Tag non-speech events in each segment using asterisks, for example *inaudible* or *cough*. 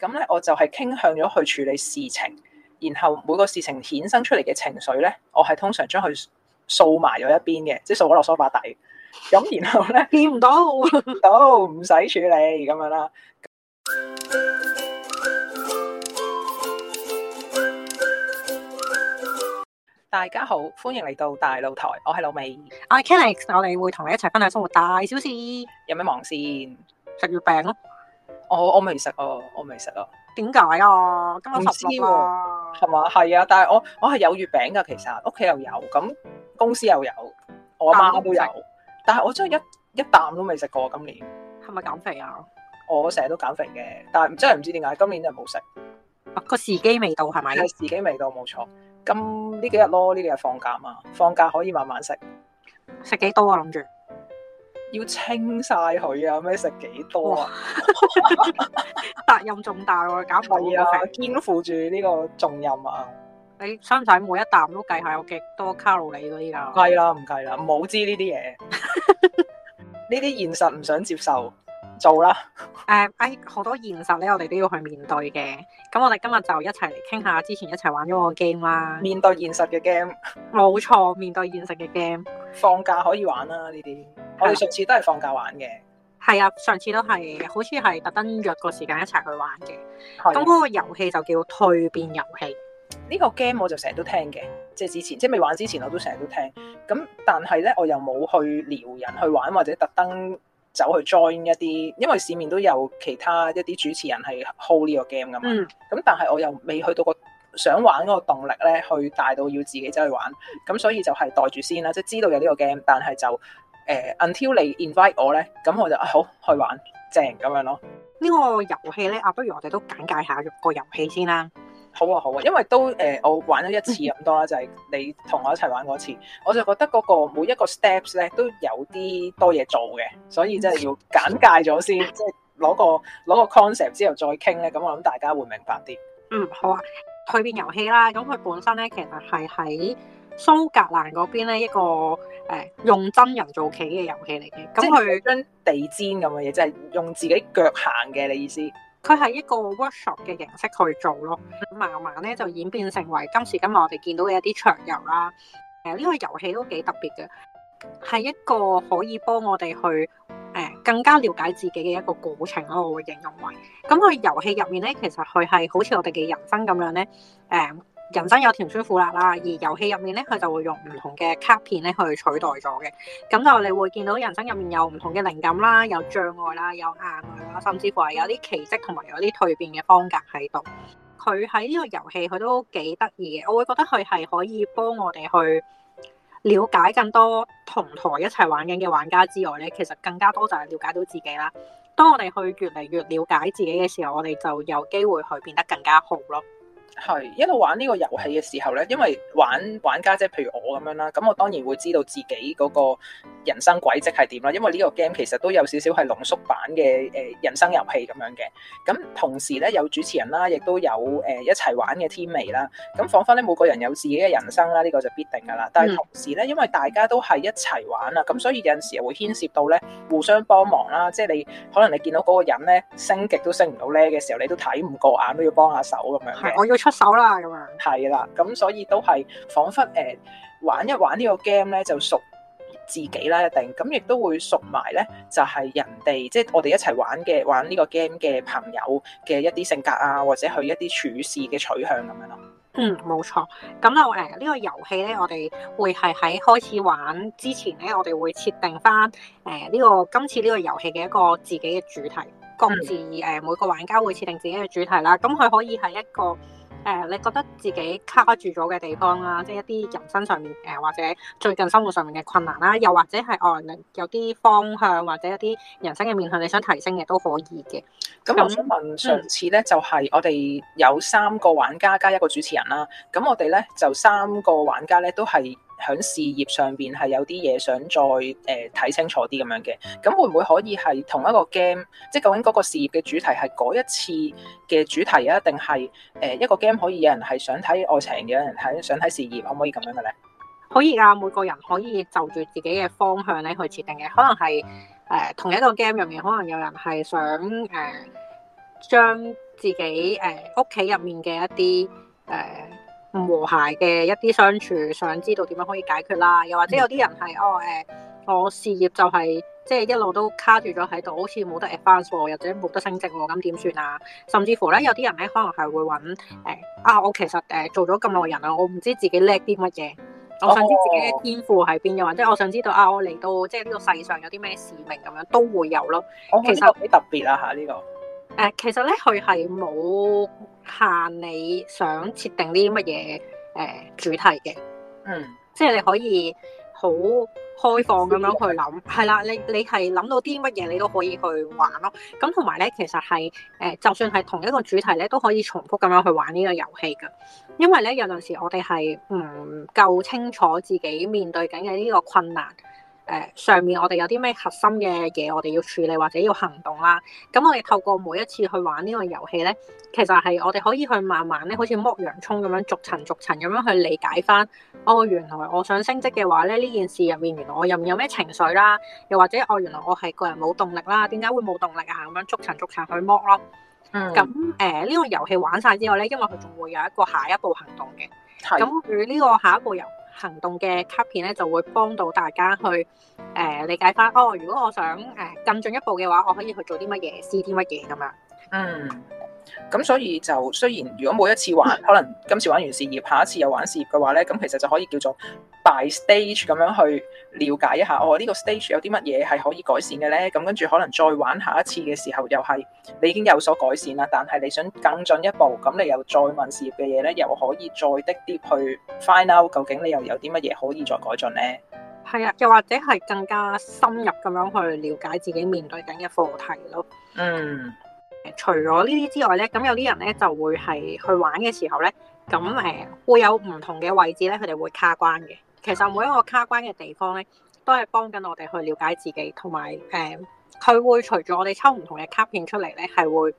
咁咧，我就係傾向咗去處理事情，然後每個事情衍生出嚟嘅情緒咧，我係通常將佢掃埋咗一邊嘅，即係掃咗落梳化底，咁然後咧，見唔到， *laughs* 都唔使處理咁樣啦。大家好，歡迎嚟到大露台，我係老美，我係 Kenny，我哋會同你一齊分享生活大小事。有咩忙先？食月餅咯。我我未食哦，我未食啊，點解啊媽媽？今年十日啦，係嘛？係啊，但係我我係有月餅㗎，其實屋企又有，咁公司又有，我阿媽都有，但係我真係一一啖都未食過今年。係咪減肥啊？我成日都減肥嘅，但係真係唔知點解今年就冇食。個、啊、時機未到係咪？時機未到冇錯，咁呢幾日咯，呢幾日放假嘛，放假可以慢慢食。食、嗯、幾多啊？諗住。要清晒佢啊！咩食幾多啊？責任重大喎，搞唔掂啊！肩負住呢個重任啊！你餐曬每一啖都計下，有幾多卡路里嗰啲噶，計啦，唔計啦，冇知呢啲嘢，呢啲現實唔想接受。做啦、 *laughs* uh, 哎，誒，喺好多現實咧，我哋都要去面對嘅。咁我哋今日就一齊嚟傾下之前一齊玩咗個 game 啦。 *laughs* 面對現實嘅 game，冇錯，面對現實嘅 game。放假可以玩啦呢啲， *laughs* 我哋上次都係放假玩嘅。係啊，上次都係，好似係特登約個時間一齊去玩嘅。咁嗰是個遊戲就叫蛻變遊戲。呢個 game 我就成日都聽嘅，即係之前，即係未玩之前我都成日都聽。咁、嗯、但係咧，我又冇去撩人去玩或者特登。走去 join 一啲，因為市面都有其他一啲主持人係 hold 呢、e、個 game 㗎嘛。咁、嗯、但係我又未去到個想玩嗰個動力咧，去大到要自己走去玩。咁所以就係待住先啦，即係知道有呢個 game，但係就誒、呃、until 你 invite 我咧，咁我就、哎、好去玩，正咁樣咯。個遊戲，呢個遊戲咧啊，不如我哋都簡介下個遊戲先啦。好啊，好啊，因為都誒、呃，我玩咗一次咁多啦，就係、是、你同我一齊玩嗰次，我就覺得嗰個每一個 steps 咧都有啲多嘢做嘅，所以真係要簡介咗先，即係攞個攞個 concept 之後再傾咧，咁我諗大家會明白啲。嗯，好啊，蛻變遊戲啦？咁佢本身咧其實係喺蘇格蘭嗰邊咧一個誒、呃、用真人做棋嘅遊戲嚟嘅，咁佢將地氈咁嘅嘢，即係用自己腳行嘅，你意思？佢係一個 workshop 嘅形式去做咯，慢慢咧就演變成為今時今日我哋見到嘅一啲桌遊啦。誒、呃，呢個遊戲都幾特別嘅，係一個可以幫我哋去誒、呃、更加了解自己嘅一個過程咯。我會形容為，咁佢遊戲入面咧，其實佢係好似我哋嘅人生咁樣咧，誒、呃。人生有甜酸苦辣啦，而遊戲入面咧，佢就會用唔同嘅卡片咧去取代咗嘅。咁就你會見到人生入面有唔同嘅靈感啦，有障礙啦，有硬嘅啦，甚至乎係有啲奇蹟同埋有啲蛻變嘅方格喺度。佢喺呢個遊戲，佢都幾得意嘅。我會覺得佢係可以幫我哋去了解更多同台一齊玩緊嘅玩家之外咧，其實更加多就係了解到自己啦。當我哋去越嚟越了解自己嘅時候，我哋就有機會去變得更加好咯。係一路玩呢個遊戲嘅時候咧，因為玩因為玩家即係譬如我咁樣啦，咁我當然會知道自己嗰個人生軌跡係點啦。因為呢個 game 其實都有少少係濃縮版嘅誒人生遊戲咁樣嘅。咁同時咧有主持人啦，亦都有誒、呃、一齊玩嘅天微啦。咁彷彿咧每個人有自己嘅人生啦，呢、呢個就必定噶啦。但係同時咧，因為大家都係一齊玩啊，咁、嗯、所以有陣時又會牽涉到咧互相幫忙啦。即係你可能你見到嗰個人咧升極都升唔到 level 嘅時候，你都睇唔過眼都要幫下手咁樣。嘅。我要手啦，咁樣係啦，咁所以都係仿佛誒、呃、玩一玩個呢個 game 咧，就熟自己啦，一定咁亦都會熟埋咧，就係、是、人哋即係我哋一齊玩嘅玩呢個 game 嘅朋友嘅一啲性格啊，或者佢一啲處事嘅取向咁樣咯。嗯，冇錯咁就誒呢、呃這個遊戲咧，我哋會係喺開始玩之前咧，我哋會設定翻誒呢個今次呢個遊戲嘅一個自己嘅主題，各自誒、嗯呃、每個玩家會設定自己嘅主題啦。咁佢可以係一個。誒、呃，你覺得自己卡住咗嘅地方啊，即係一啲人生上面誒、呃，或者最近生活上面嘅困難啦，又或者係外人有啲方向或者一啲人生嘅面向，你想提升嘅都可以嘅。咁、嗯、我想問上次咧，就係、是、我哋有三個玩家加一個主持人啦。咁我哋咧就三個玩家咧都係。喺事業上邊係有啲嘢想再誒睇、呃、清楚啲咁樣嘅，咁會唔會可以係同一個 game，即係究竟嗰個事業嘅主題係嗰一次嘅主題啊？定係誒一個 game 可以有人係想睇愛情嘅，有人係想睇事業，可唔可以咁樣嘅咧？可以啊，每個人可以就住自己嘅方向咧去設定嘅，可能係誒、呃、同一個 game 入面，可能有人係想誒、呃、將自己誒屋企入面嘅一啲誒。呃唔和諧嘅一啲相處，想知道點樣可以解決啦？又或者有啲人係哦誒、欸，我事業就係、是、即係一路都卡住咗喺度，好似冇得 advance 又或者冇得升職，咁點算啊？甚至乎咧，有啲人咧可能係會揾誒、欸、啊，我其實誒做咗咁耐人啊，我唔知自己叻啲乜嘢，我想知自己嘅天賦喺邊，又或者我想知道啊，我嚟到即係呢個世上有啲咩使命咁樣都會有咯。其實、哦這個、特別啊嚇呢、呢個。誒、呃，其實咧，佢係冇限你想設定啲乜嘢誒主題嘅，嗯，即係你可以好開放咁樣去諗，係 *noise* 啦，你你係諗到啲乜嘢你都可以去玩咯。咁同埋咧，其實係誒、呃，就算係同一個主題咧，都可以重複咁樣去玩呢個遊戲㗎，因為咧有陣時我哋係唔夠清楚自己面對緊嘅呢個困難。誒、呃、上面我哋有啲咩核心嘅嘢，我哋要處理或者要行動啦。咁我哋透過每一次去玩呢個遊戲咧，其實係我哋可以去慢慢咧，好似剝洋葱咁樣，逐層逐層咁樣去理解翻。哦，原來我想升職嘅話咧，呢件事入面原來我入面有咩情緒啦，又或者我、哦、原來我係個人冇動力啦，點解會冇動力啊？咁樣逐層逐層去剝咯。嗯。咁誒呢個遊戲玩晒之後咧，因為佢仲會有一個下一步行動嘅。係是。咁佢呢個下一步遊行動嘅卡片咧，就會幫到大家去誒、呃、理解翻。哦，如果我想誒更、呃、進，進一步嘅話，我可以去做啲乜嘢，試啲乜嘢咁樣。嗯。咁所以就雖然如果每一次玩，可能今次玩完事業，下一次又玩事業嘅話咧，咁其實就可以叫做 by stage 咁樣去了解一下，哦呢個 stage 有啲乜嘢係可以改善嘅咧？咁跟住可能再玩下一次嘅時候，又係你已經有所改善啦，但係你想更進一步，咁你又再問事業嘅嘢咧，又可以再的啲去 find out 究竟你又有啲乜嘢可以再改進咧？係啊，又或者係更加深入咁樣去了解自己面對緊嘅課題咯。嗯。除咗呢啲之外呢，咁有啲人呢就會係去玩嘅時候呢，咁誒、呃、會有唔同嘅位置呢，佢哋會卡關嘅。其實每一個卡關嘅地方呢，都係幫緊我哋去了解自己，同埋誒，佢、呃、會除咗我哋抽唔同嘅卡片出嚟呢，係會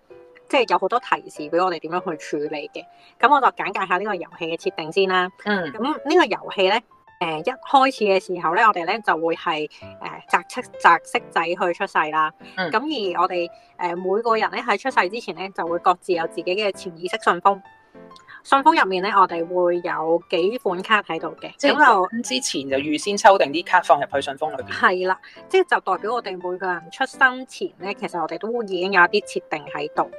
即係、就是、有好多提示俾我哋點樣去處理嘅。咁我就簡介下呢個遊戲嘅設定先啦。嗯，咁呢個遊戲呢。誒、呃，一開始嘅時候咧，我哋咧就會係誒擲色擲色仔去出世啦。咁、嗯、而我哋誒每個人咧喺出世之前咧，就會各自有自己嘅潛意識信封。信封入面咧，我哋會有幾款卡喺度嘅。咁就是後之前就預先抽定啲卡放入去信封裏邊。係啦，即係就代表我哋每個人出生前咧，其實我哋都已經有一啲設定喺度。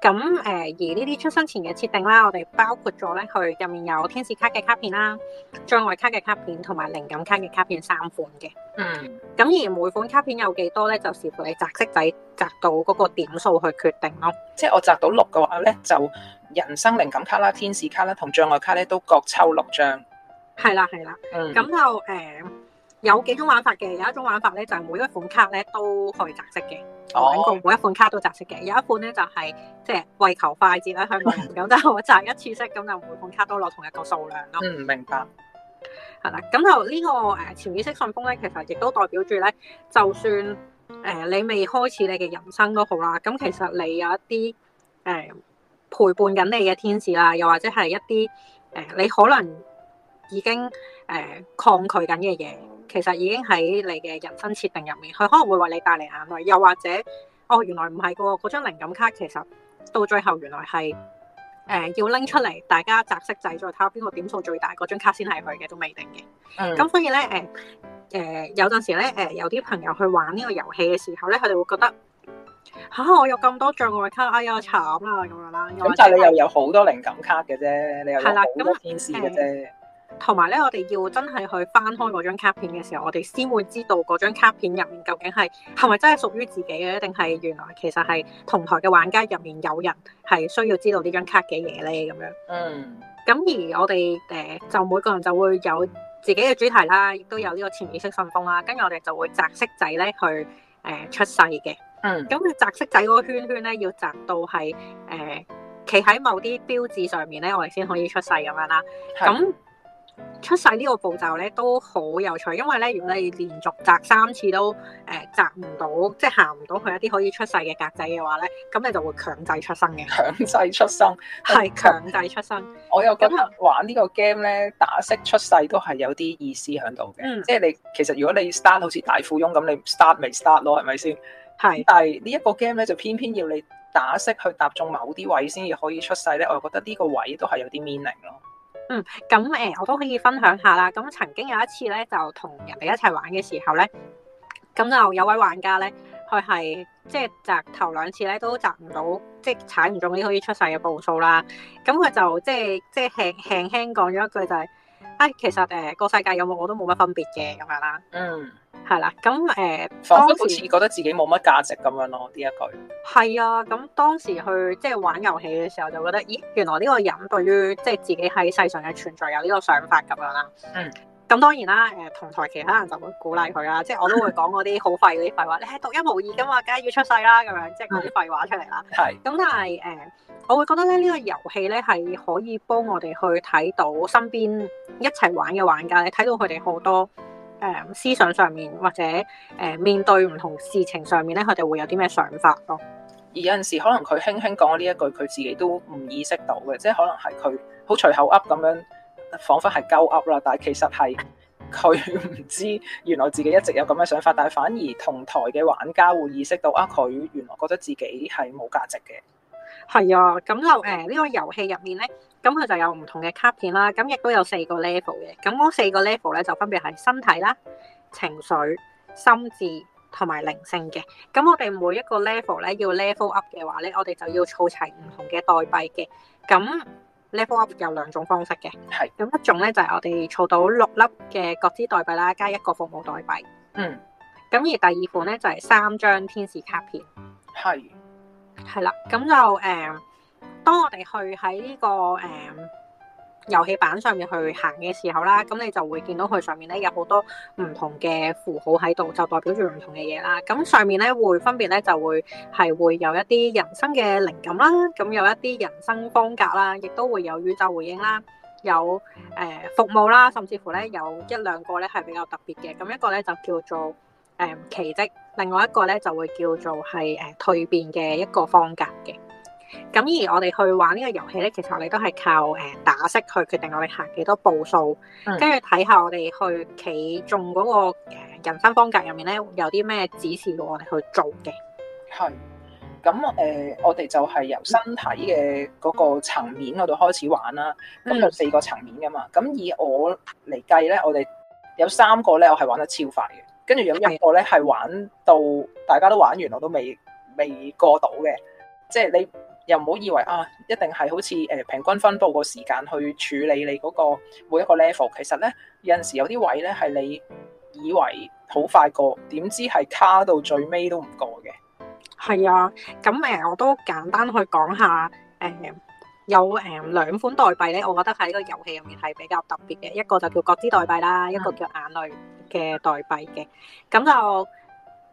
咁誒、呃，而呢啲出生前嘅設定啦，我哋包括咗咧，佢入面有天使卡嘅卡片啦、障礙卡嘅卡片同埋靈感卡嘅卡片三款嘅。嗯。咁而每款卡片有幾多咧，就視乎你擲骰仔擲到嗰個點數去決定咯。即係我擲到六嘅話咧，就。人生靈感卡啦、天使卡啦同障礙卡咧，都各抽六張，嗯。係啦，係啦。咁就誒有幾種玩法嘅，有一種玩法咧就係每一款卡咧都可以擇式嘅。哦。每個每一款卡都擇式嘅，有一款咧就係、是、即係為求快捷啦，香港人咁就擇一次式。咁就每款卡都攞同一個數量咯。嗯，明白。係啦， *laughs* 咁就呢個誒潛意識信封咧，其實亦都代表住咧，就算誒你、呃、未，未開始你嘅人生都好啦，咁其實你有一啲誒。呃呃呃呃呃呃陪伴緊你嘅天使啦，又或者係一啲誒、呃，你可能已經誒、呃、抗拒緊嘅嘢，其實已經喺你嘅人生設定入面，佢可能會為你帶嚟眼淚，又或者哦，原來唔係噶，嗰張靈感卡其實到最後原來係誒、呃、要拎出嚟，大家擲色仔再睇下邊個點數最大，嗰張卡先係佢嘅都未定嘅。咁、嗯、所以咧，誒、呃、誒，有陣時咧，誒、呃、有啲朋友去玩呢個遊戲嘅時候咧，佢哋會覺得。吓、啊！我有咁多障礙卡，哎呀，慘啦咁樣啦。咁但係你又有好多靈感卡嘅啫， *music* 你又有好多天使嘅啫。同埋咧，我哋要真係去翻開嗰張卡片嘅時候，我哋先會知道嗰張卡片入面究竟係係咪真係屬於自己嘅，定係原來其實係同台嘅玩家入面有人係需要知道張呢張卡嘅嘢咧？咁樣嗯，咁而我哋誒、呃、就每個人就會有自己嘅主題啦，亦都有呢個潛意識信封啦。跟住我哋就會擇色仔咧去誒、呃、出世嘅。嗯，咁你摘色仔嗰個圈圈咧，要摘到係誒企喺某啲標誌上面咧，我哋先可以出世咁樣啦。咁是出世呢個步驟咧都好有趣，因為咧，如果你連續摘三次都誒、呃、摘唔到，即係行唔到佢一啲可以出世嘅格仔嘅話咧，咁你就會強制出生嘅。強制出生係強制出生。 *laughs* *laughs* 出生我又覺得玩個呢個 game 咧，打色出世都係有啲意思喺度嘅，嗯、即係你其實如果你 start 好似大富翁咁，你 start 咪 start 咯，係咪先？係，是但係呢一個 game 咧，就偏偏要你打色去搭中某啲位先至可以出世咧。我就覺得呢個位都係有啲 meaning 咯。嗯，咁誒、欸，我都可以分享下啦。咁曾經有一次咧，就同人哋一齊玩嘅時候咧，咁就有位玩家咧，佢係即係擲頭兩次咧都擲唔到，即係踩唔中啲可以出世嘅步數啦。咁佢就即係即係輕輕輕講咗一句就係、是。其實誒，個、呃、世界有冇我都冇乜分別嘅咁樣啦。嗯，係啦，咁誒，仿佛、呃、好似覺得自己冇乜價值咁樣咯。呢一句係啊，咁當時去即係玩遊戲嘅時候，就覺得咦，原來呢個人對於即係自己喺世上嘅存在有呢個想法咁樣啦。嗯，咁當然啦，誒、呃，同台其他人就會鼓勵佢啦。嗯、即係我都會講嗰啲好廢嗰啲廢話。 *laughs* 你係獨一無二噶嘛，梗係要出世啦，咁樣即係講啲廢話出嚟啦。係， *laughs* 咁但係誒，我會覺得咧，呢個遊戲咧係可以幫我哋去睇到身邊。一齊玩嘅玩家，你睇到佢哋好多誒、呃、思想上面或者誒、呃、面對唔同事情上面咧，佢哋會有啲咩想法咯？而有陣時可能佢輕輕講呢一句，佢自己都唔意識到嘅，即係可能係佢好隨口噏咁樣，彷彿係鳩噏啦，但係其實係佢唔知原來自己一直有咁嘅想法，但係反而同台嘅玩家會意識到啊，佢原來覺得自己係冇價值嘅。係啊，咁就誒呢、呃呢個遊戲入面咧。咁佢就有唔同嘅卡片啦，咁亦都有四個 level 嘅。咁嗰四個 level 咧就分別係身體啦、情緒、心智同埋靈性嘅。咁我哋每一個 level 咧要 level up 嘅話咧，我哋就要儲齊唔同嘅代幣嘅。咁 level up 有兩種方式嘅，係。咁一種咧就係我哋儲到六粒嘅覺知代幣啦，加一個服務代幣。嗯。咁而第二款咧就係三張天使卡片。係。係啦，咁就誒。當我哋去喺呢個誒遊戲板上面去行嘅時候啦，咁你就會見到佢上面咧有好多唔同嘅符號喺度，就代表住唔同嘅嘢啦。咁上面咧會分別咧就會係會有一啲人生嘅靈感啦，咁有一啲人生方格啦，亦都會有宇宙回應啦，有誒服務啦，甚至乎咧有一兩個咧係比較特別嘅。咁一個咧就叫做誒奇蹟，另外一個咧就會叫做係誒蛻變嘅一個方格嘅。咁而我哋去玩個遊戲呢個遊戲咧，其實我哋都係靠誒打色去決定我哋行幾多步數，跟住睇下我哋去企中嗰個誒人生方格入面咧，有啲咩指示我哋去做嘅。係，咁誒、呃、我哋就係由身體嘅嗰個層面嗰度開始玩啦。咁有、嗯、四個層面噶嘛，咁以我嚟計咧，我哋有三個咧，我係玩得超快嘅，跟住有一個咧係玩到大家都玩完，我都未未過到嘅，即係你。又唔好以為啊，一定係好似誒、呃、平均分佈個時間去處理你嗰個每一個 level。其實咧，有陣時有啲位咧係你以為好快過，點知係卡到最尾都唔過嘅。係啊，咁誒、呃、我都簡單去講下誒、呃、有誒、呃、兩款代幣咧，我覺得喺個遊戲入面係比較特別嘅。一個就叫覺知代幣啦，嗯、一個叫眼淚嘅代幣嘅。咁就。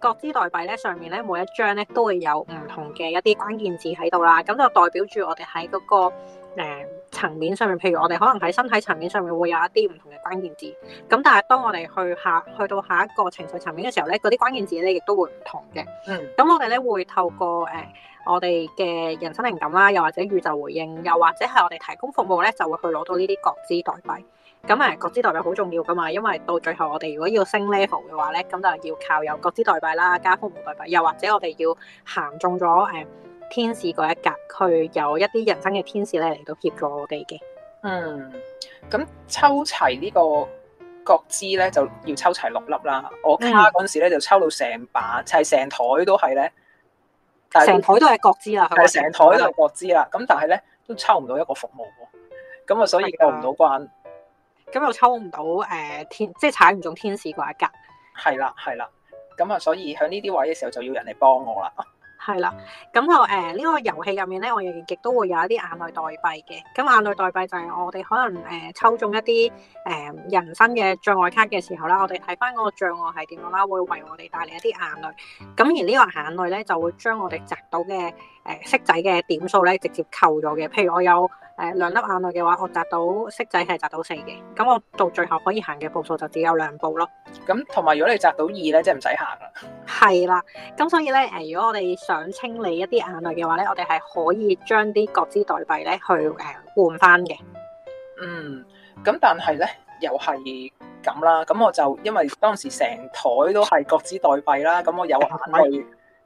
各資代幣咧，上面咧，每一張咧都會有唔同嘅一啲關鍵字喺度啦，咁就代表住我哋喺嗰個誒、呃、層面上面，譬如我哋可能喺身體層面上面會有一啲唔同嘅關鍵字，咁但係當我哋去下去到下一個情緒層面嘅時候咧，嗰啲關鍵字咧亦都會唔同嘅。嗯。咁我哋咧會透過誒、呃、我哋嘅人生靈感啦，又或者宇宙回應，又或者係我哋提供服務咧，就會去攞到呢啲各資代幣。咁誒，國資代幣好重要㗎嘛，因為到最後我哋如果要升 level 嘅話咧，咁就要靠有國資代幣啦，加服務代幣，又或者我哋要行中咗誒、嗯、天使嗰一格，佢有一啲人生嘅天使咧嚟到協助我哋嘅。嗯，咁抽齊個呢個國資咧，就要抽齊六粒啦。我卡嗰陣時咧，就抽到成把，砌成枱都係咧，成枱都係國資啦，係成枱都係國資啦。咁但係咧都抽唔到一個服務喎，咁啊、嗯，所以過唔到關。嗯。咁又抽唔到，誒、呃、天即係踩唔中天使嗰一格，係啦係啦。咁啊，所以喺呢啲位嘅時候就要人嚟幫我啦。係啦，咁就誒呢個遊戲入面咧，我亦亦都會有一啲眼淚代幣嘅。咁眼淚代幣就係我哋可能誒、呃、抽中一啲誒、呃、人生嘅障礙卡嘅時候啦，我哋睇翻嗰個障礙係點樣啦，會為我哋帶嚟一啲眼淚。咁而呢個眼淚咧就會將我哋摘到嘅。誒骰仔嘅點數咧，直接扣咗嘅。譬如我有誒、呃、兩粒眼淚嘅話，我擲到骰仔係擲到四嘅，咁我到最後可以行嘅步數就只有兩步咯。咁同埋如果你擲到二咧，即係唔使行啦。係啦，咁所以咧誒，如果我哋想清理一啲眼淚嘅話咧，我哋係可以將啲覺知代幣咧去誒換翻嘅。嗯，咁但係咧又係咁啦，咁我就因為當時成台都係覺知代幣啦，咁我有眼淚，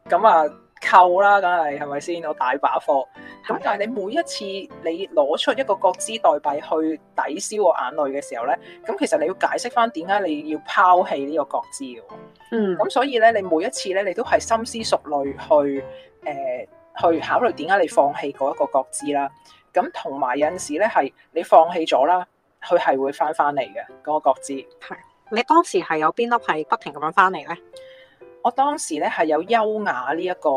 咁 *laughs* 啊。夠啦，梗係係咪先？我大把貨，的但係你每一次你攞出一個覺知代幣去抵消我眼淚嘅時候咧，咁其實你要解釋翻點解你要拋棄呢個覺知嘅？嗯，咁所以咧，你每一次咧，你都係深思熟慮去誒、呃、去考慮點解你放棄嗰一個覺知啦。咁同埋有陣時咧，係你放棄咗啦，佢係會翻翻嚟嘅嗰個覺知。係你當時係有邊粒係不停咁樣翻嚟咧？我當時咧係有優雅呢一個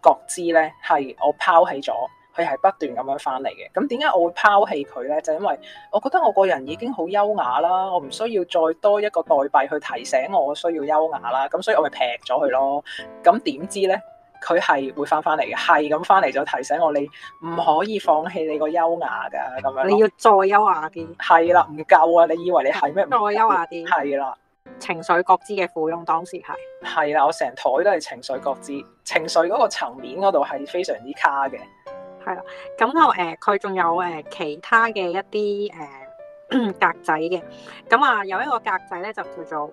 覺知咧，係我拋棄咗佢，係不斷咁樣翻嚟嘅。咁點解我會拋棄佢咧？就因為我覺得我個人已經好優雅啦，我唔需要再多一個代幣去提醒我需要優雅啦。咁所以我咪劈咗佢咯。咁點知咧，佢係會翻翻嚟嘅，係咁翻嚟就提醒我你唔可以放棄你個優雅㗎。咁樣你要再優雅啲，係啦，唔夠啊！你以為你係咩？再，再優雅啲，係啦。情緒各資嘅附庸當時係係啦，我成枱都係情緒各資，情緒嗰個層面嗰度係非常之卡嘅。係啦，咁就誒、佢、嗯、仲有誒其他嘅一啲誒、嗯、格仔嘅，咁、嗯、啊、嗯、有一個格仔咧就叫做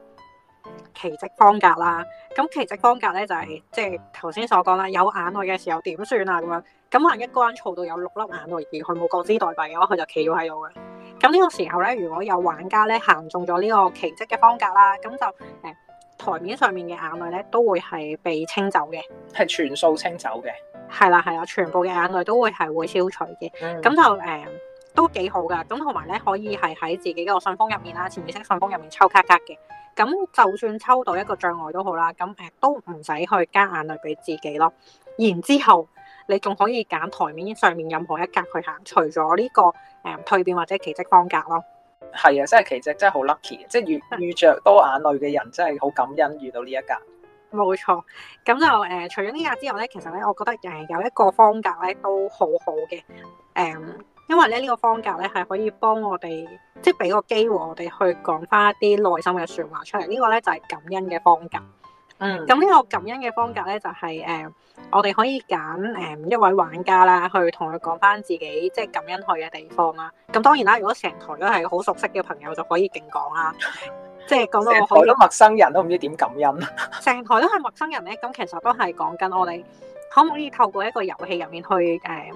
奇蹟方格啦。咁、嗯、奇蹟方格咧就係、是、即係頭先所講啦，有眼淚嘅時候點算啊咁樣。咁可能一個人嘈到有六粒眼淚而佢冇各資代幣嘅話，佢就企咗喺度嘅。咁呢個時候咧，如果有玩家咧行中咗呢個奇蹟嘅方格啦，咁就誒、呃、台面上面嘅眼淚咧都會係被清走嘅，係全數清走嘅，係啦係啦，全部嘅眼淚都會係會消除嘅，咁、嗯、就誒、呃、都幾好噶，咁同埋咧可以係喺自己個信封入面啦，潛意識信封入面抽卡卡嘅，咁就算抽到一個障礙都好啦，咁誒、呃、都唔使去加眼淚俾自己咯，然之後你仲可以揀台面上面任何一格去行，除咗呢、這個。誒，蛻變或者奇蹟方格咯，係、呃、啊，真係奇蹟，真係好 lucky 即係遇遇着多眼淚嘅人，真係好感恩遇到呢一格。冇、呃、錯，咁就誒，除咗呢格之外咧，其實咧，我覺得仲有一個方格咧都好好嘅，誒、呃，因為咧呢、呢個方格咧係可以幫我哋，即係俾個機會我哋去講翻一啲內心嘅說話出嚟，呢個、呢個咧就係、是、感恩嘅方格。嗯，咁呢個感恩嘅方格咧，就係、是、誒、呃，我哋可以揀誒、呃、一位玩家啦，去同佢講翻自己即係感恩去嘅地方啦。咁當然啦，如果成台都係好熟悉嘅朋友，就可以勁講啦，即係講到好多陌生人都唔知點感恩。成 *laughs* 台都係陌生人咧，咁其實都係講緊我哋可唔可以透過一個遊戲入面去誒。呃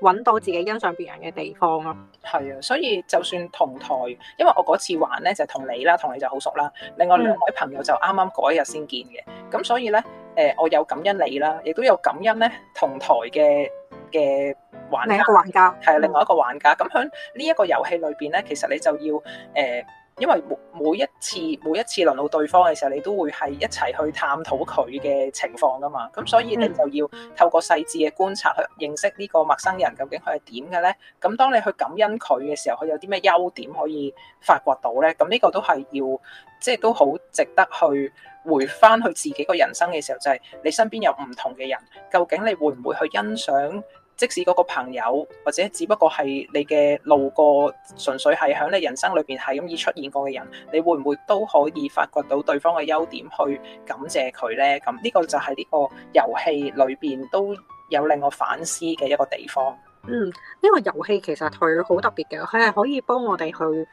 揾到自己欣賞別人嘅地方咯、啊，係啊，所以就算同台，因為我嗰次玩咧就同、係、你啦，同你就好熟啦。另外兩位朋友就啱啱嗰一日先見嘅，咁、嗯、所以咧，誒、呃、我有感恩你啦，亦都有感恩咧同台嘅嘅玩家，另一個玩家係另外一個玩家。咁喺呢一個遊戲裏邊咧，其實你就要誒。呃因為每一每一次每一次輪到對方嘅時候，你都會係一齊去探討佢嘅情況噶嘛，咁所以你就要透過細致嘅觀察去認識呢個陌生人究竟佢係點嘅咧。咁當你去感恩佢嘅時候，佢有啲咩優點可以發掘到咧？咁呢個都係要，即係都好值得去回翻去自己個人生嘅時候，就係你身邊有唔同嘅人，究竟你會唔會去欣賞？即使嗰個朋友或者只不過係你嘅路過，純粹係喺你人生裏邊係咁易出現過嘅人，你會唔會都可以發掘到對方嘅優點去感謝佢呢？咁呢個就係呢個遊戲裏邊都有令我反思嘅一個地方。嗯，呢、呢個遊戲其實佢好特別嘅，佢係可以幫我哋去誒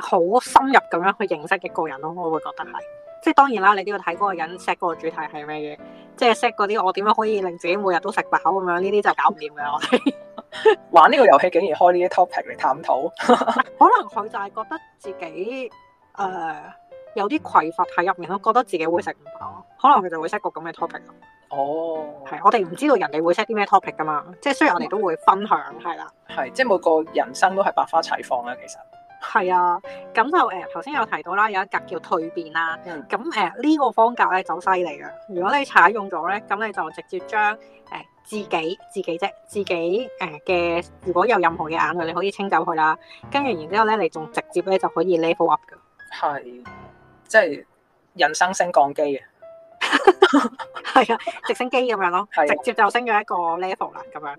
好、呃、深入咁樣去認識一個人咯。我會覺得係。即係當然啦，你都要睇嗰個人 set 嗰個主題係咩嘅，即係 set 嗰啲我點樣可以令自己每日都食飽咁樣，呢啲就搞唔掂嘅我哋 *laughs* 玩呢個遊戲竟然開呢啲 topic 嚟探討， *laughs* 可能佢就係覺得自己誒、呃、有啲匱乏喺入面，都覺得自己會食唔飽，可能佢就會 set 個咁嘅 topic 哦，係、oh.，我哋唔知道人哋會 set 啲咩 topic 噶嘛，即係雖然我哋都會分享，係啦、oh. 的，係，即係每個人生都係百花齊放啦，其實。係啊，咁就誒，頭、呃、先有提到啦，有一格叫蛻變啦。咁誒、嗯、呢、呃這個方格咧就犀利嘅。如果你採用咗咧，咁你就直接將誒自己自己啫，自己誒嘅、呃、如果有任何嘅眼淚，你可以清走佢啦。跟住然之後咧，你仲直接咧就可以 level up 嘅。係，即係人生升降機嘅。係 *laughs* 啊，直升機咁樣咯，直接就升咗一個 level 啦咁樣。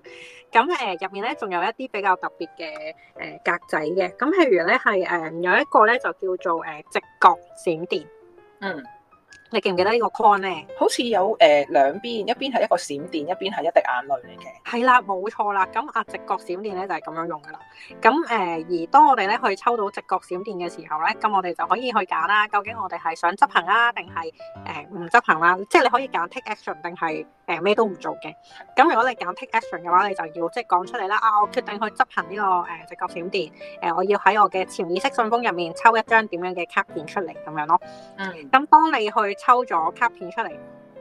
咁誒，入、呃、面咧仲有一啲比較特別嘅誒格仔嘅。咁譬如咧，係誒，有一個咧就叫做誒、呃、直角閃電。嗯。你記唔記得個呢個框咧？好似有誒、呃、兩邊，一邊係一個閃電，一邊係一滴眼淚嚟嘅。係啦，冇錯啦。咁啊，直角閃電咧就係、是、咁樣用㗎啦。咁誒、呃，而當我哋咧去抽到直角閃電嘅時候咧，咁我哋就可以去揀啦。究竟我哋係想執行啊，定係誒唔執行啦、啊？即係你可以揀 take action 定係誒咩都唔做嘅。咁的如果你揀 take action 嘅話，你就要即係講出嚟啦。啊，我決定去執行呢、這個誒、呃、直角閃電。誒、呃，我要喺我嘅潛意識信封入面抽一張點樣嘅卡片出嚟咁樣咯。嗯。咁當你去抽咗卡片出嚟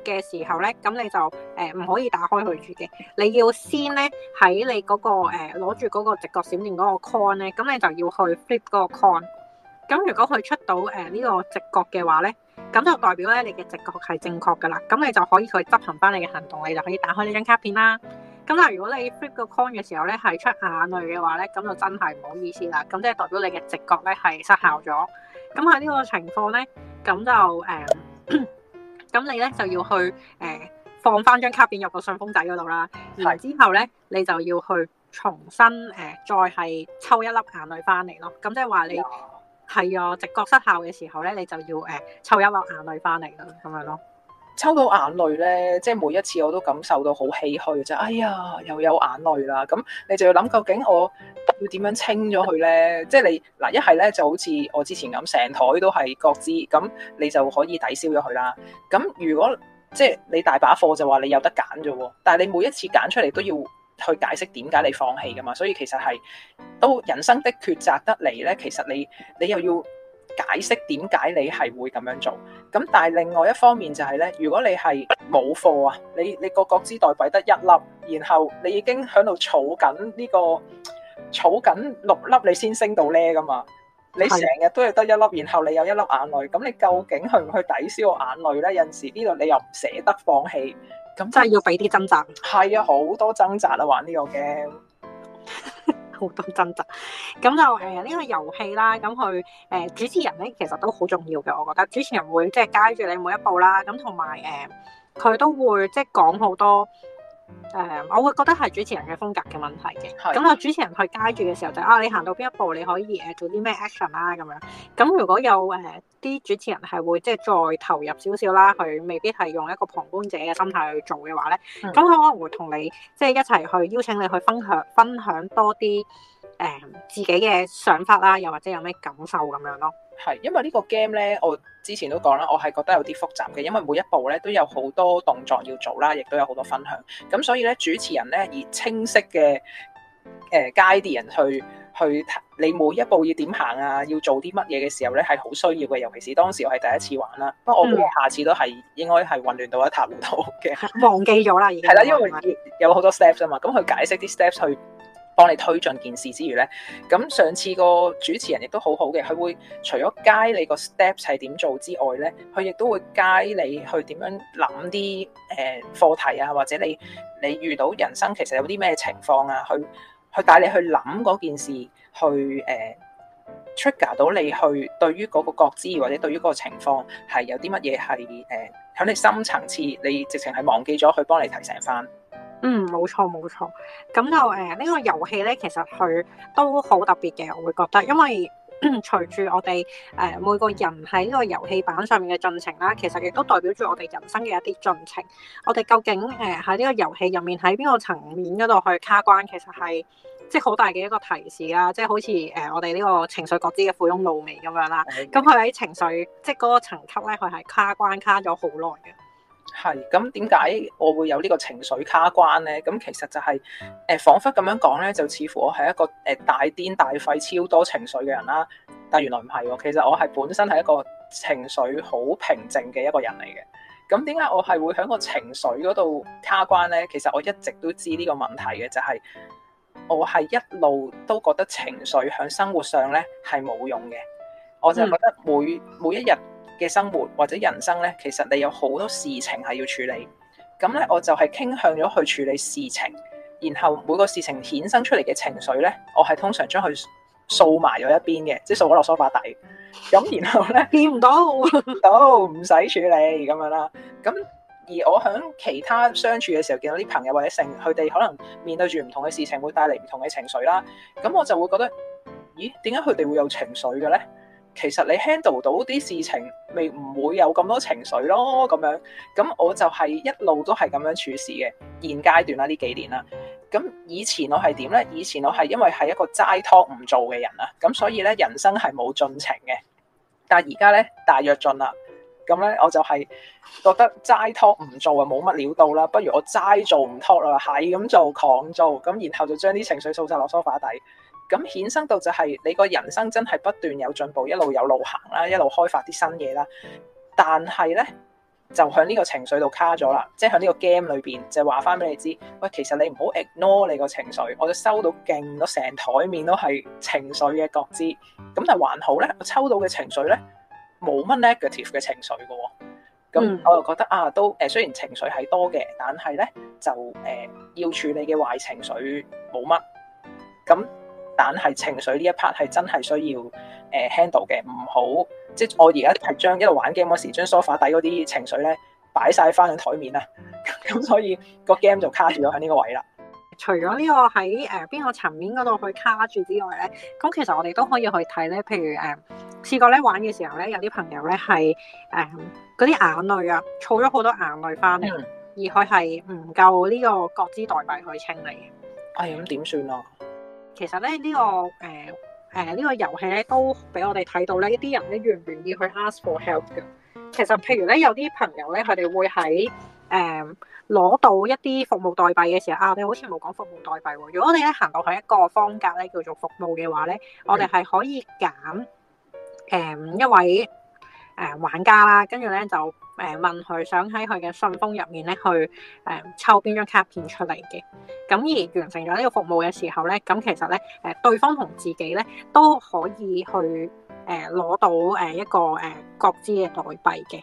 嘅時候咧，咁你就誒唔、呃、可以打開佢住嘅。你要先咧喺你嗰、嗰個誒攞住嗰個直覺閃電嗰個 coin 咧，咁你就要去 flip 嗰個 coin。咁如果佢出到誒呢、呃呢個直覺嘅話咧，咁就代表咧你嘅直覺係正確㗎啦。咁你就可以去執行翻你嘅行動，你就可以打開呢張卡片啦。咁但係如果你 flip 個 coin 嘅時候咧係出眼淚嘅話咧，咁就真係冇意思啦。咁即係代表你嘅直覺咧係失效咗。咁喺呢個情況咧，咁就誒。嗯咁 *coughs* 你咧就要去誒、呃、放翻張卡片入個信封仔嗰度啦，是然後之後咧你就要去重新誒、呃、再係抽一粒眼淚翻嚟咯。咁即係話你係啊，啊直覺失效嘅時候咧，你就要誒、呃、抽一粒眼淚翻嚟咯，咁樣咯。抽到眼淚咧，即係每一次我都感受到好唏噓就哎呀，又有眼淚啦！咁你就要諗究竟我要點樣清咗佢咧？即係你嗱，一係咧就好似我之前咁，成枱都係國資，咁你就可以抵消咗佢啦。咁如果即係你大把貨就話你有得揀啫喎，但係你每一次揀出嚟都要去解釋點解你放棄㗎嘛。所以其實係都人生的抉擇得嚟咧，其實你你又要，解釋點解你係會咁樣做？咁但係另外一方面就係咧，如果你係冇貨啊，你你個國之代幣得一粒，然後你已經響度儲緊呢個儲緊六粒，你先升到呢噶嘛？你成日都係得一粒，然後你有一粒眼淚，咁你究竟去唔去抵消個眼淚咧？有時呢度你又唔捨得放棄，咁真係要俾啲掙扎。係啊，好多掙扎啊，玩呢個 game。好多爭執，咁就誒呢、呃這個遊戲啦，咁佢誒主持人咧，其實都好重要嘅，我覺得主持人會即係 guide 住你每一步啦，咁同埋誒佢都會即係講好多。誒，um, 我會覺得係主持人嘅風格嘅問題嘅，咁個是主持人去街住嘅時候就是、啊，你行到邊一步你可以誒做啲咩 action 啦咁樣，咁如果有誒啲、呃、主持人係會即係再投入少少啦，佢未必係用一個旁觀者嘅心態去做嘅話咧，咁、嗯、佢可能會同你即係一齊去邀請你去分享分享多啲誒、呃、自己嘅想法啦，又或者有咩感受咁樣咯。係，因為個呢個 game 咧，我之前都講啦，我係覺得有啲複雜嘅，因為每一步咧都有好多動作要做啦，亦都有好多分享，咁所以咧主持人咧以清晰嘅誒 guide 啲人去去，你每一步要點行啊，要做啲乜嘢嘅時候咧係好需要嘅，尤其是當時我係第一次玩啦，不過、嗯、我估下次都係應該係混亂到一塌糊塗嘅， *laughs* 忘記咗啦，已經係啦， *laughs* 因為有好多 steps 啊嘛，咁佢解釋啲 steps 去。幫你推進件事之餘呢，咁上次個主持人亦都好好嘅，佢會除咗教你個 steps 係點做之外呢，佢亦都會教你去點樣諗啲誒課題啊，或者你你遇到人生其實有啲咩情況啊，去去帶你去諗嗰件事，去誒、呃、trigger 到你去對於嗰個覺知或者對於嗰個情況係有啲乜嘢係誒喺你深層次，你直情係忘記咗，去幫你提醒翻。嗯，冇錯冇錯，咁就誒、呃這個、呢個遊戲咧，其實佢都好特別嘅，我會覺得，因為隨住我哋誒、呃、每個人喺呢個遊戲板上面嘅進程啦，其實亦都代表住我哋人生嘅一啲進程。我哋究竟誒喺呢個遊戲入面喺邊個層面嗰度去卡關，其實係即係好大嘅一個提示啦。即係好似誒、呃、我哋呢個情緒各知嘅富翁露眉咁樣啦，咁佢喺情緒即係嗰個層級咧，佢係卡關卡咗好耐嘅。係咁，點解我會有呢個情緒卡關呢？咁其實就係、是、誒，仿佛咁樣講咧，就似乎我係一個誒、呃、大癲大肺、超多情緒嘅人啦。但原來唔係喎，其實我係本身係一個情緒好平靜嘅一個人嚟嘅。咁點解我係會喺個情緒嗰度卡關呢？其實我一直都知呢個問題嘅，就係、是、我係一路都覺得情緒喺生活上咧係冇用嘅。我就覺得每、嗯、每一日。嘅生活或者人生咧，其實你有好多事情係要處理，咁咧我就係傾向咗去處理事情，然後每個事情衍生出嚟嘅情緒咧，我係通常將佢掃埋咗一邊嘅，即係掃咗落梳化底，咁然後咧見唔不到， *laughs* 到唔使處理咁樣啦。咁而我響其他相處嘅時候，見到啲朋友或者成佢哋可能面對住唔同嘅事情，會帶嚟唔同嘅情緒啦，咁我就會覺得，咦，點解佢哋會有情緒嘅咧？其實你 handle 到啲事情，咪唔會有咁多情緒咯，咁樣，咁我就係一路都係咁樣處事嘅。現階段啦，呢幾年啦，咁以前我係點呢？以前我係因為係一個齋 talk 唔做嘅人啦，咁所以咧人生係冇進程嘅。但係而家咧大躍進啦，咁咧我就係覺得齋 talk 唔做啊，冇乜料到啦，不如我齋做唔 talk 啦，係咁做狂做，咁然後就將啲情緒掃晒落梳化底。咁衍生到就係你個人生真係不斷有進步，一路有路行啦，一路開發啲新嘢啦。但係咧，就向呢個情緒度卡咗啦，即係向呢個 game 裏邊就係話翻俾你知，喂，其實你唔好 ignore 你個情緒，我就收到勁到成台面都係情緒嘅覺知。咁但係還好咧，我抽到嘅情緒咧，冇乜 negative 嘅情緒噶。咁我又覺得啊，都誒，雖然情緒係多嘅，但係咧就誒、呃、要處理嘅壞情緒冇乜咁。但係情、呃、情緒呢一 part 係真係需要誒 handle 嘅。唔好即係我而家係將一路玩 game 嗰時，將 sofa 底嗰啲情緒咧擺晒翻喺台面啦，咁所以個 game 就卡住咗喺呢個位啦。除咗呢個喺誒邊個層面嗰度去卡住之外咧，咁其實我哋都可以去睇咧，譬如誒、呃、試過咧玩嘅時候咧，有啲朋友咧係誒嗰啲眼淚啊，儲咗好多眼淚翻嚟，嗯、而佢係唔夠呢個角資代幣去清理。係咁點算啊？其實咧呢、呢個誒誒呢個遊戲咧都俾我哋睇到咧一啲人咧願唔願意去 ask for help 嘅。其實譬如咧有啲朋友咧佢哋會喺誒攞到一啲服務代幣嘅時候啊，你好似冇講服務代幣喎、啊。如果我哋咧行到去一個方格咧叫做服務嘅話咧，的我哋係可以揀誒、呃、一位誒、呃、玩家啦，跟住咧就。誒，問佢想喺佢嘅信封入面咧，去誒、呃、抽邊張卡片出嚟嘅。咁而完成咗呢個服務嘅時候咧，咁其實咧，誒、呃，對方同自己咧都可以去誒攞、呃、到誒一個誒各自嘅代幣嘅。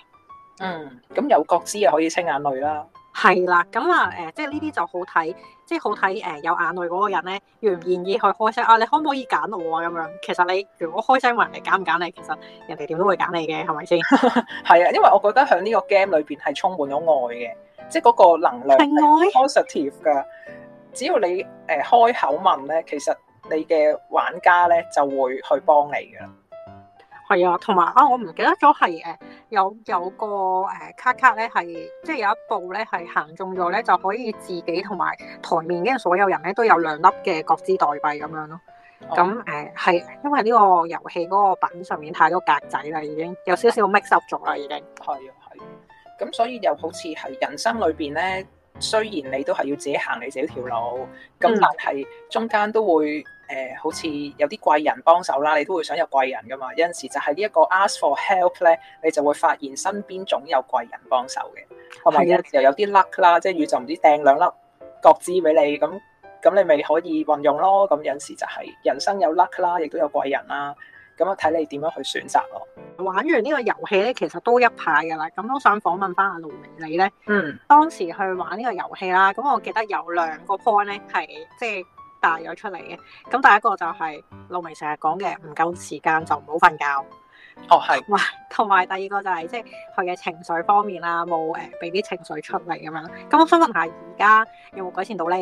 嗯，咁有各自啊，可以清眼淚啦。係啦，咁啊，誒、嗯，即係呢啲就好睇，即係好睇誒，有眼淚嗰個人咧，願唔願意去開聲啊？你可唔可以揀我啊？咁樣，其實你如果開聲話，人哋揀唔揀你，其實人哋點都會揀你嘅，係咪先？係啊，因為我覺得喺呢個 game 裏邊係充滿咗愛嘅，即係嗰個能量 positive 噶。 *laughs* 只要你誒、呃、開口問咧，其實你嘅玩家咧就會去幫你噶啦。係啊，同埋啊，我唔記得咗係誒有有個誒、呃、卡卡咧，係即係有一步咧係行中咗，咧就可以自己同埋台面嘅所有人咧都有兩粒嘅各支代幣咁樣咯。咁誒係因為呢個遊戲嗰個版上面太多格仔啦，已經有少少 mix up 咗啦，已經。係啊係。咁所以又好似係人生裏邊咧，雖然你都係要自己行你自己條路，咁但係中間都會。嗯誒、呃，好似有啲貴人幫手啦，你都會想有貴人噶嘛？有陣時就係呢一個 ask for help 咧，你就會發現身邊總有貴人幫手嘅，同埋咧又有啲 luck 啦，即係宇宙唔知掟兩粒各自俾你，咁咁你咪可以運用咯。咁有陣時就係人生有 luck 啦，亦都有貴人啦，咁啊睇你點樣去選擇咯。玩完呢個遊戲咧，其實都一派噶啦。咁我想訪問翻阿盧美，你咧，嗯，當時去玩呢個遊戲啦。咁我記得有兩個 point 咧，係即係。大咗出嚟嘅，咁第一個就係露明成日講嘅，唔夠時間就唔好瞓覺。哦，係。同埋第二個就係即係佢嘅情緒方面啦，冇誒俾啲情緒出嚟咁樣。咁我想問下而家有冇改善到呢？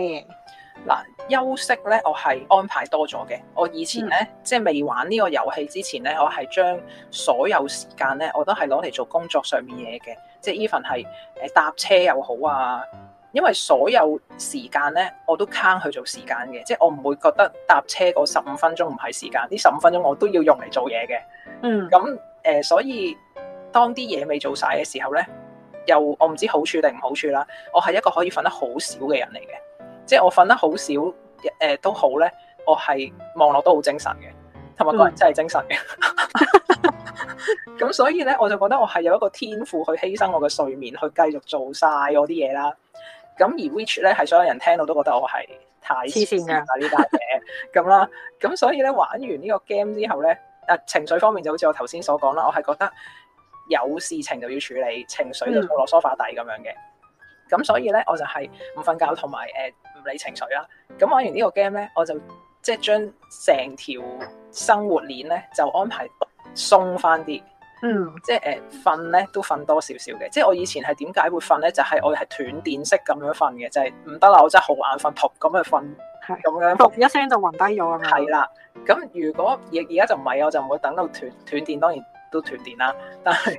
嗱、呃，休息呢，我係安排多咗嘅。我以前呢，嗯、即係未玩呢個遊戲之前呢，我係將所有時間呢，我都係攞嚟做工作上面嘢嘅，即係 Even 係誒搭車又好啊。因為所有時間咧，我都慳去做時間嘅，即係我唔會覺得搭車嗰十五分鐘唔係時間，呢十五分鐘我都要用嚟做嘢嘅。嗯，咁誒、呃，所以當啲嘢未做晒嘅時候咧，又我唔知好處定唔好處啦。我係一個可以瞓得好少嘅人嚟嘅，即係我瞓得好少，誒、呃、都好咧。我係望落都好精神嘅，同埋個人真係精神嘅。咁、嗯、 *laughs* *laughs* 所以咧，我就覺得我係有一個天賦去犧牲我嘅睡眠，去繼續做晒我啲嘢啦。咁而 which 咧係所有人聽到都覺得我係太黐線嘅呢單嘢咁啦，咁經 *laughs* 所以咧，玩完呢個 game 之後咧，啊、呃、情緒方面就好似我頭先所講啦，我係覺得有事情就要處理，情緒就坐落梳化底咁樣嘅。咁、嗯、所以咧，我就係唔瞓覺同埋誒唔理情緒啦。咁、嗯、玩完個呢個 game 咧，我就即係將成條生活鏈咧就安排鬆翻啲。嗯，即係誒，瞓、呃、咧都瞓多少少嘅。即係我以前係點解會瞓咧？就係、是、我係斷電式咁樣瞓嘅，就係唔得啦，我真係好眼瞓，撲咁去瞓，係咁是樣撲一聲就暈低咗啊嘛。係啦的，咁、嗯、如果而而家就唔係，我就唔會等到斷斷電，當然都斷電啦。但係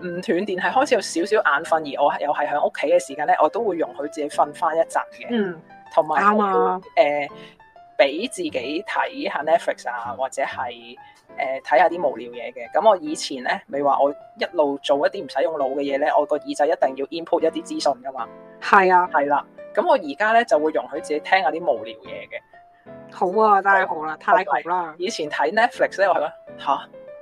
唔斷電係開始有少少眼瞓，而我又係響屋企嘅時間咧，我都會容許自己瞓翻一陣嘅。嗯，同埋啱啊，誒。俾自己睇下 Netflix 啊，或者係誒睇下啲無聊嘢嘅。咁我以前咧，咪話我一路做一啲唔使用腦嘅嘢咧，我個耳仔一定要 input 一啲資訊噶嘛。係啊，係啦。咁我而家咧就會容許自己聽下啲無聊嘢嘅。好啊，真係好啦、啊，我太酷啦！以前睇 Netflix 咧，我係話吓？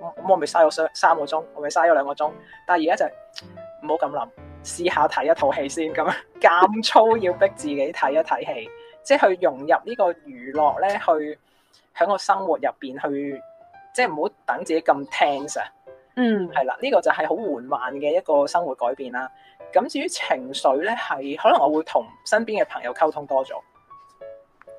咁我咪嘥咗三三個鐘，我咪嘥咗兩個鐘。但係而家就唔好咁諗，試下睇一套戲先咁。咁粗要逼自己睇 *laughs* 一睇戲。即係去融入呢個娛樂咧，去喺個生活入邊去，即係唔好等自己咁 tense 啊。嗯，係啦，呢、這個就係好緩慢嘅一個生活改變啦。咁至於情緒咧，係可能我會同身邊嘅朋友溝通多咗。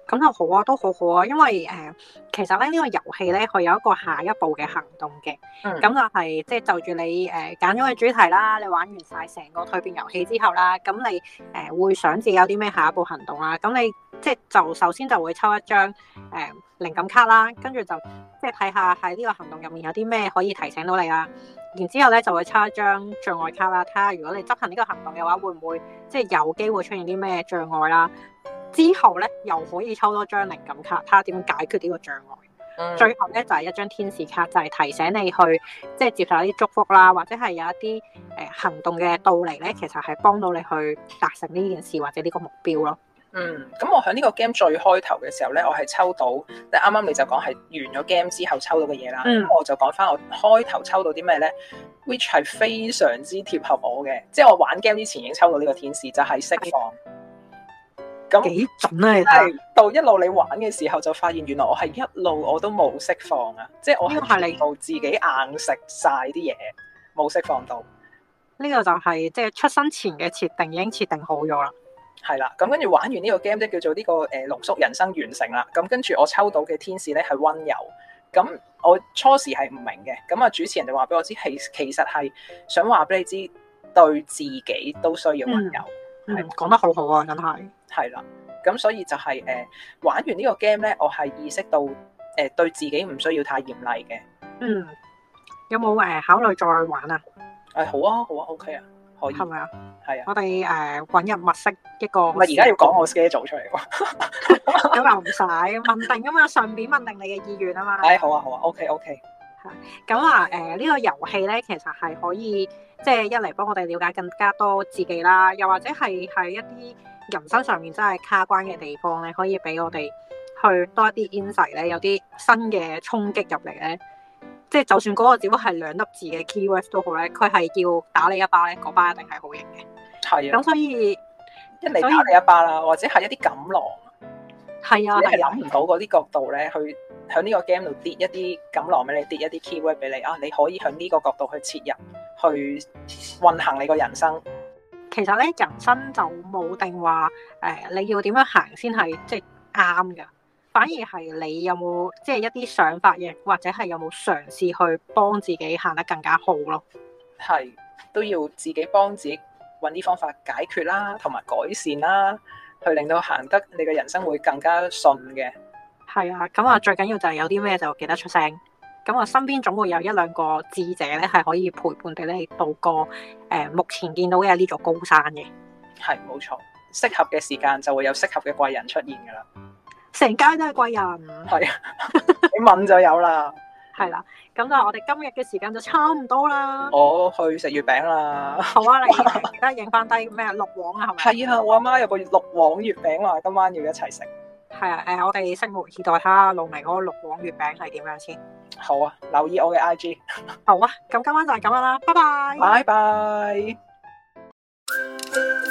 咁就好啊，都好好啊，因為誒、呃，其實咧呢、這個遊戲咧佢有一個下一步嘅行動嘅，咁、嗯、就係即係就住你誒揀咗個主題啦，你玩完晒成個蛻變遊戲之後啦，咁你誒、呃、會想自己有啲咩下一步行動啊，咁你即係就首先就會抽一張誒、呃、靈感卡啦，跟住就即係睇下喺呢個行動入面有啲咩可以提醒到你啦，然之後咧就會抽一張障礙卡啦，睇下如果你執行呢個行動嘅話會唔會即係有機會出現啲咩障礙啦？之後咧，又可以抽多張靈感卡，睇下點解決呢個障礙。嗯、最後咧就係、是、一張天使卡，就係、是、提醒你去即係接受一啲祝福啦，或者係有一啲誒、呃、行動嘅到嚟咧，其實係幫到你去達成呢件事或者呢個目標咯。嗯，咁我喺呢個 game 最開頭嘅時候咧，我係抽到，即啱啱你就講係完咗 game 之後抽到嘅嘢啦。嗯，咁我就講翻我開頭抽到啲咩咧，which 係非常之貼合我嘅，即、就、係、是、我玩 game 之前已經抽到呢個天使，就係、是、釋放。咁幾那準啊！你真到一路你玩嘅時候就發現，原來我係一路我都冇釋放啊！即係我係一路自己硬食晒啲嘢，冇釋放到。呢個就係即係出生前嘅設定已經設定好咗啦。係啦，咁跟住玩完呢個 game 即叫做呢、這個誒濃縮人生完成啦。咁跟住我抽到嘅天使咧係溫柔。咁我初時係唔明嘅。咁啊主持人就話俾我知，其其實係想話俾你知，對自己都需要溫柔。係講、嗯嗯、的得好好啊，真係。係啦，咁所以就係、是、誒、呃、玩完個呢個 game 咧，我係意識到誒、呃、對自己唔需要太嚴厲嘅。嗯，有冇誒、呃、考慮再玩啊？誒、哎、好啊，好啊，OK 啊，可以係咪吧啊？係啊，我哋誒搵入密室一個。唔係而家要講我 schedule 出嚟喎。咁啊唔使問定啊嘛，順便問定你嘅意願啊嘛。係、哎、好啊，好啊，好啊，OK OK。咁啊，誒、呃這個、呢個遊戲咧，其實係可以即係、就是、一嚟幫我哋了解更加多自己啦，又或者係喺一啲，人生上面真係卡關嘅地方咧，可以俾我哋去多一啲 insight 咧，有啲新嘅衝擊入嚟咧，即係就算嗰個只不過係兩粒字嘅 keyword 都好咧，佢係要打你一巴咧，嗰巴一定係好型嘅。係啊的。咁所以一嚟打你一巴啦，或者係一啲錦囊。係啊的。你係諗唔到嗰啲角度咧，的去喺呢個 game 度跌一啲錦囊俾你，跌一啲 keyword 俾你啊！你可以喺呢個角度去切入，去運行你個人生。其實咧，人生就冇定話誒、呃，你要點樣行先係即係啱噶反而係你有冇即係一啲想法嘅，或者係有冇嘗試去幫自己行得更加好咯。係都要自己幫自己搵啲方法解決啦，同埋改善啦，去令到行得你嘅人生會更加順嘅。係啊，咁、嗯、啊，最緊要就係有啲咩就記得出聲。咁我身邊總會有一兩個智者咧，係可以陪伴畀你渡過誒、呃、目前見到嘅呢座高山嘅。係冇錯，適合嘅時間就會有適合嘅貴人出現噶啦。成街都係貴人，係啊，你問就有啦。係啦、 *laughs* 啊，咁就我哋今日嘅時間就差唔多啦。我去食月餅啦。 *laughs* 好啊，你而家影翻低咩？六黃啊，係咪？係啊，我阿媽有個六黃月餅，我今晚要一齊食。係啊，誒、呃，我哋拭目以待下，露明嗰個綠黃月餅係點樣先？好啊，留意我嘅 IG。 *laughs* 好啊，咁今晚就係咁樣啦，拜拜。拜拜 bye。Bye bye